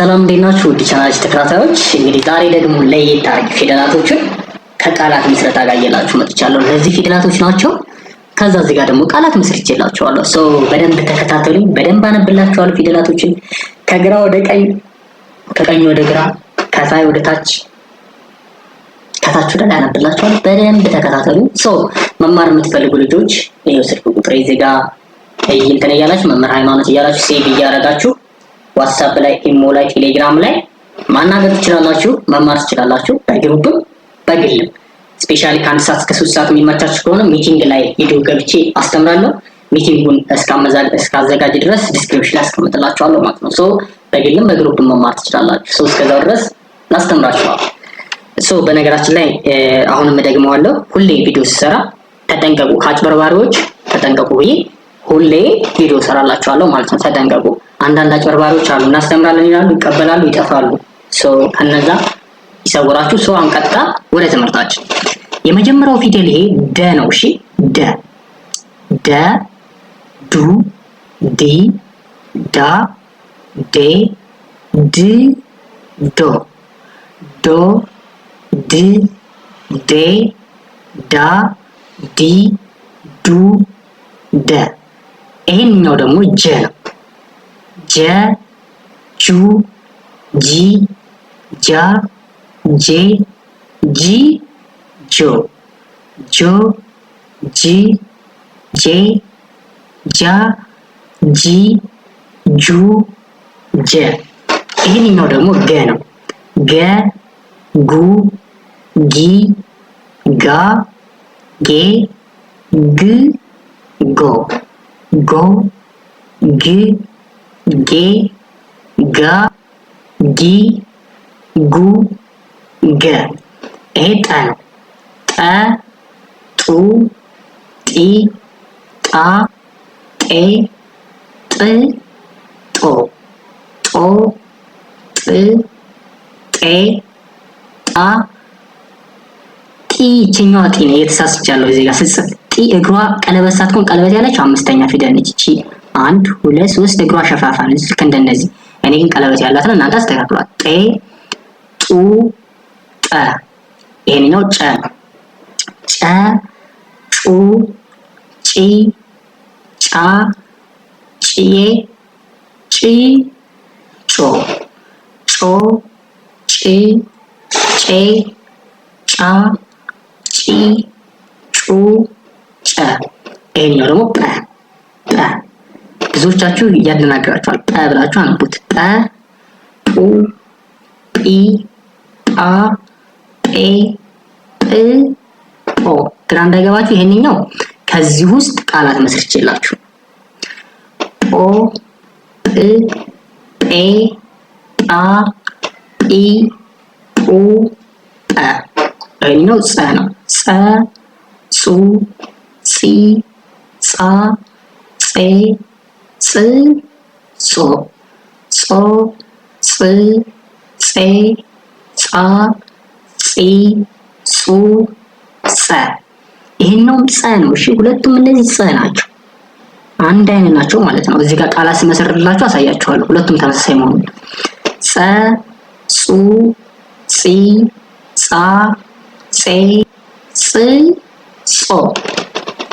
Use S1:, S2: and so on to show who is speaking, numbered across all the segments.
S1: ሰላም እንዴት ናችሁ? ውድ ቻናሎች ተከታታዮች፣ እንግዲህ ዛሬ ደግሞ ለየት አድርጌ ፊደላቶችን ከቃላት ምስረታ ጋር እየላችሁ መጥቻለሁ። እነዚህ ፊደላቶች ናቸው። ከዛ እዚህ ጋር ደግሞ ቃላት ምስርች ሶ ሰው በደንብ ተከታተሉኝ፣ በደንብ አነብላችኋለሁ ፊደላቶችን ከግራ ወደ ቀኝ፣ ከቀኝ ወደ ግራ፣ ከላይ ወደ ታች፣ ከታች ወደ ላይ አነብላችኋለሁ። በደንብ ተከታተሉ። ሶ መማር የምትፈልጉ ልጆች ይኸው ስልክ ቁጥሬ እዚህ ጋር እንትን እያላችሁ መምህር ሃይማኖት እያላችሁ ሴቭ እያደረጋችሁ ዋትሳፕ ላይ፣ ኢሞ ላይ፣ ቴሌግራም ላይ ማናገር ትችላላችሁ፣ መማር ትችላላችሁ። በግሩፕም በግልም ስፔሻሊ ከአንድ ሰዓት እስከ ሶስት ሰዓት የሚመቻችሁ ከሆነ ሚቲንግ ላይ ቪዲዮ ገብቼ አስተምራለሁ። ሚቲንጉን እስካዘጋጅ ድረስ ዲስክሪፕሽን ላይ አስቀምጥላችኋለሁ ማለት ነው። ሶ በግልም በግሩፕም መማር ትችላላችሁ። ሶ እስከዛው ድረስ ላስተምራችኋል። ሶ በነገራችን ላይ አሁንም እደግመዋለሁ፣ ሁሌ ቪዲዮ ሲሰራ ተጠንቀቁ፣ ከአጭበርባሪዎች ተጠንቀቁ ብዬ ሁሌ ቪዲዮ ሰራላችኋለሁ ማለት ነው። ተጠንቀቁ። አንዳንድ አጭበርባሪዎች አሉ። እናስተምራለን ይላሉ፣ ይቀበላሉ፣ ይጠፋሉ። ሰው ከነዛ ይሰውራችሁ። ሰው ቀጥታ ወደ ትምህርታችን የመጀመሪያው ፊደል ይሄ ደ ነው። እሺ ደ ደ ዱ ዲ ዳ ዴ ድ ዶ ዶ ድ ዴ ዳ ዲ ዱ ደ ይሄንኛው ደግሞ ጀ ነው። 제, 주, 지, 자, 제, 지, 조, 조, 지, 제, 자, 지, 주, 제. 이게 너무 개는 개, 구, 기, 가, 게, 그, 고, 고, 기, 그, ጌ ጋ ጊ ጉ ገ ይሄ ጠ ነው። ጠ ጡ ጢ ጣ ጤ ጥ ጦ ጦ ጥ ጤ ጣ ጢ ይችኛዋ ጢ ነው የተሳስቻለሁ እዚህ ጋር ስጽፍ ጢ እግሯ ቀለበት ሳትሆን ቀለበት ያለችው አምስተኛ ፊደል ነች። አንድ ሁለት ሶስት እግሯ ሸፋፋ ነች። ልክ እንደነዚህ እኔ ግን ቀለበት ያላት ነው። እናንተ አስተካክሏት። ጤ ጡ ጠ ይሄኛው ጨ ነው። ጨ ጩ ጪ ጫ ጭዬ ጪ ጮ ጮ ጪ ጬ ጫ ጪ ጩ ጨ ይሄኛው ደግሞ ጠ ጠ ብዙዎቻችሁ እያደናገራችኋል። ጠ ብላችሁ አነቡት። ጠ ጡ ጲ ጣ ጴ ጵ ጶ። ግራ እንዳይገባችሁ ይሄንኛው ከዚህ ውስጥ ቃላት መስርችላችሁ ጶ ጵ ጴ ጳ ጲ ጱ ጰ። ይሄኛው ፀ ነው። ፀ ጹ ጺ ጻ ጼ ፅ ፀ ነው። እሺ ሁለቱም እነዚህ ፀ ናቸው። አንድ አይነት ናቸው ማለት ነው። እዚህ ጋር ቃላት ሲመሰርትላችሁ አሳያችኋለሁ ሁለቱም ተመሳሳይ መሆኑ ፀ ጹ ፂ ፃ ፄ ፅ ጾ።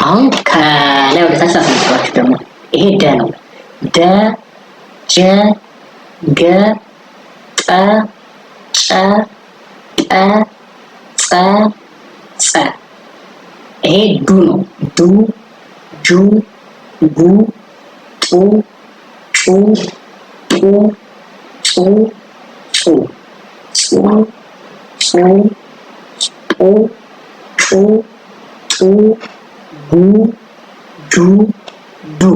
S1: አሁን ከላይ ወደታች ላስመሰራችሁ ደግሞ ይሄ ደ ነው። ደ ጀ ገ ጠ ጨ ጠ ጸ ጸ ይሄ ዱ ነው። ዱ ጁ ጉ ጡ ጩ ጡ ጹ ጹ ጹ ጹ ጡ ጩ ጡ ጉ ጁ ዱ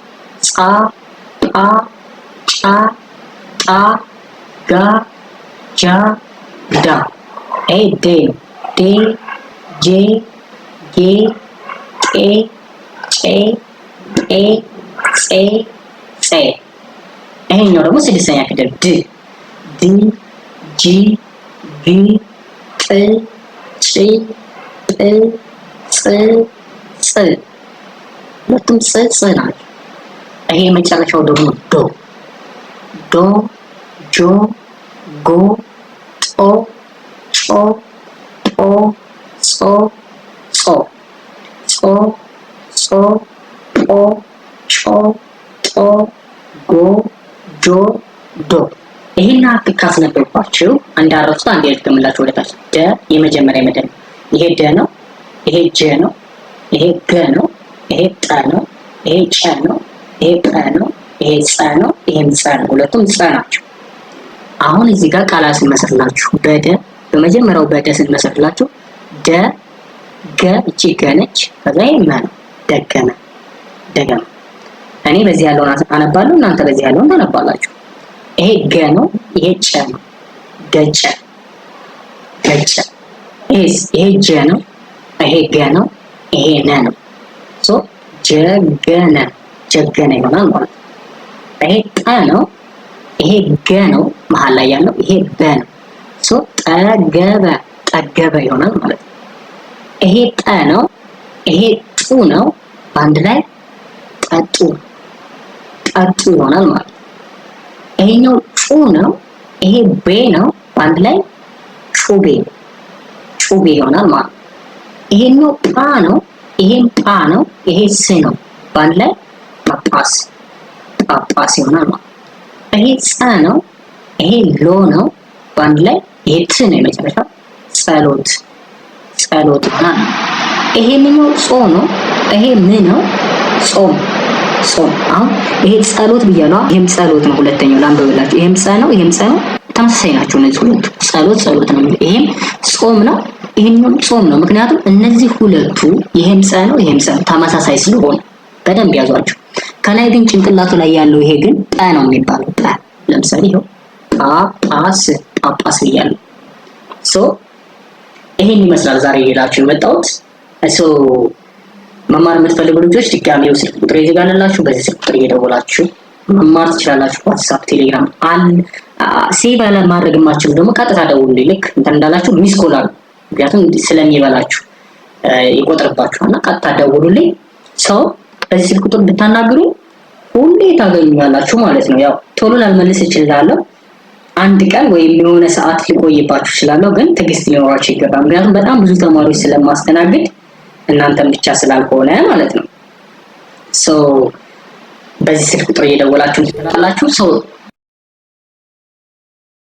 S1: ጻ ጳ ጫ ጣ ጋ ጃ ዳ ኤ ዴ ዴ ጄ ጌ ጤ ጬ ጤ ጼ ጼ ይሄኛው ደግሞ ስድስተኛ ፊደል ድ ድ ጂ ግ ጥ ጭ ጥ ጽ ጽ ሁለቱም ጽ ጽ ናቸው። ይሄ የመጨረሻው ደግሞ ዶ ዶ ጆ ጎ ጦ ጮ ጦ ጾ ጾ ጾ ጾ ጦ ጮ ጦ ጎ ጆ ዶ ይህን አክል ካስነበብኳችሁ አንድ አረፍት አንድ የድገምላችሁ ወደታች ደ የመጀመሪያ መደብ ይሄ ደ ነው። ይሄ ጀ ነው። ይሄ ገ ነው። ይሄ ጠ ነው። ይሄ ጨ ነው። ይሄ ቀ ነው፣ ይሄ ፀ ነው፣ ይሄም ፀ ነው። ሁለቱም ፀ ናቸው። አሁን እዚህ ጋር ቃላት ስንመሰርላችሁ በደ በመጀመሪያው በደ ስንመሰርላችሁ ደ ገ እቺ ገነች ነች። ከዛ ይሄ መ ነው። ደገመ ደገመ። እኔ በዚህ ያለውን አነባለሁ፣ እናንተ በዚህ ያለውን ታነባላችሁ። ይሄ ገ ነው፣ ይሄ ጨ ነው። ደጨ ደጨ። ይሄ ጀ ነው፣ ይሄ ገ ነው፣ ይሄ ነ ነው። ሶ ጀገነ ጀገነ ይሆናል ማለት ነው። ይሄ ጠ ነው፣ ይሄ ገ ነው መሀል ላይ ያለው ይሄ በ ነው። ሶ ጠገበ ጠገበ ይሆናል ማለት ነው። ይሄ ጠ ነው፣ ይሄ ጡ ነው፣ በአንድ ላይ ጠጡ ጠጡ ይሆናል ማለት ነው። ይሄኛው ጩ ነው፣ ይሄ ቤ ነው፣ በአንድ ላይ ጩቤ ጩቤ ይሆናል ማለት ነው። ይሄኛው ጳ ነው፣ ይሄም ጳ ነው፣ ይሄ ስ ነው፣ በአንድ ላይ ጳጳስ ጳጳስ ይሆናል ማለት ይሄ ፀ ነው። ይሄ ሎ ነው። በአንድ ላይ ይሄ ነው የመጨረሻው ጸሎት ጸሎት ይሆናል። ይሄ ምኛው ጾ ነው። ይሄ ም ጾም ጾም። አሁን ይሄ ጸሎት ብያለሁ። ይሄም ጸሎት ነው። ሁለተኛው ላንብብላችሁ። ይሄም ፀ ነው። ይሄም ፀ ነው። ተመሳሳይ ናቸው እነዚህ ሁለቱ። ጸሎት ጸሎት ነው። ይሄም ጾም ነው። ይሄኛው ጾም ነው። ምክንያቱም እነዚህ ሁለቱ ይሄም ፀ ነው፣ ይሄም ፀ ነው ተመሳሳይ ስለሆነ በደንብ ያዟቸው። ከላይ ግን ጭንቅላቱ ላይ ያለው ይሄ ግን ጠ ነው የሚባለው። ጠ ለምሳሌ ይኸው ጳጳስ ጳጳስ ብያለሁ። ሶ ይሄን ይመስላል ዛሬ ሌላችሁ የመጣሁት። ሶ መማር የምትፈልጉ ልጆች ድጋሚ ስልክ ቁጥር ይዘጋላችሁ። በዚህ ስልክ ቁጥር እየደወላችሁ መማር ትችላላችሁ። ዋትሳፕ፣ ቴሌግራም አለ። ሴቭ ማድረግ የማትችሉ ደግሞ ቀጥታ ደውሉ። ልክ እንትን እንዳላችሁ ሚስ ኮል ምክንያቱም ስለሚበላችሁ ይቆጥርባችኋልና ቀጥታ ደውሉልኝ ሰው በዚህ ስልክ ቁጥር ብታናግሩ ሁሌ ታገኙኛላችሁ ማለት ነው። ያው ቶሎ ላልመልስ እችላለሁ፣ አንድ ቀን ወይም የሆነ ሰዓት ሊቆይባችሁ እችላለሁ። ግን ትዕግስት ሊኖራችሁ ይገባል። ምክንያቱም በጣም ብዙ ተማሪዎች ስለማስተናግድ እናንተ ብቻ ስላልሆነ ማለት ነው። በዚህ ስልክ ቁጥር እየደወላችሁ ትችላላችሁ።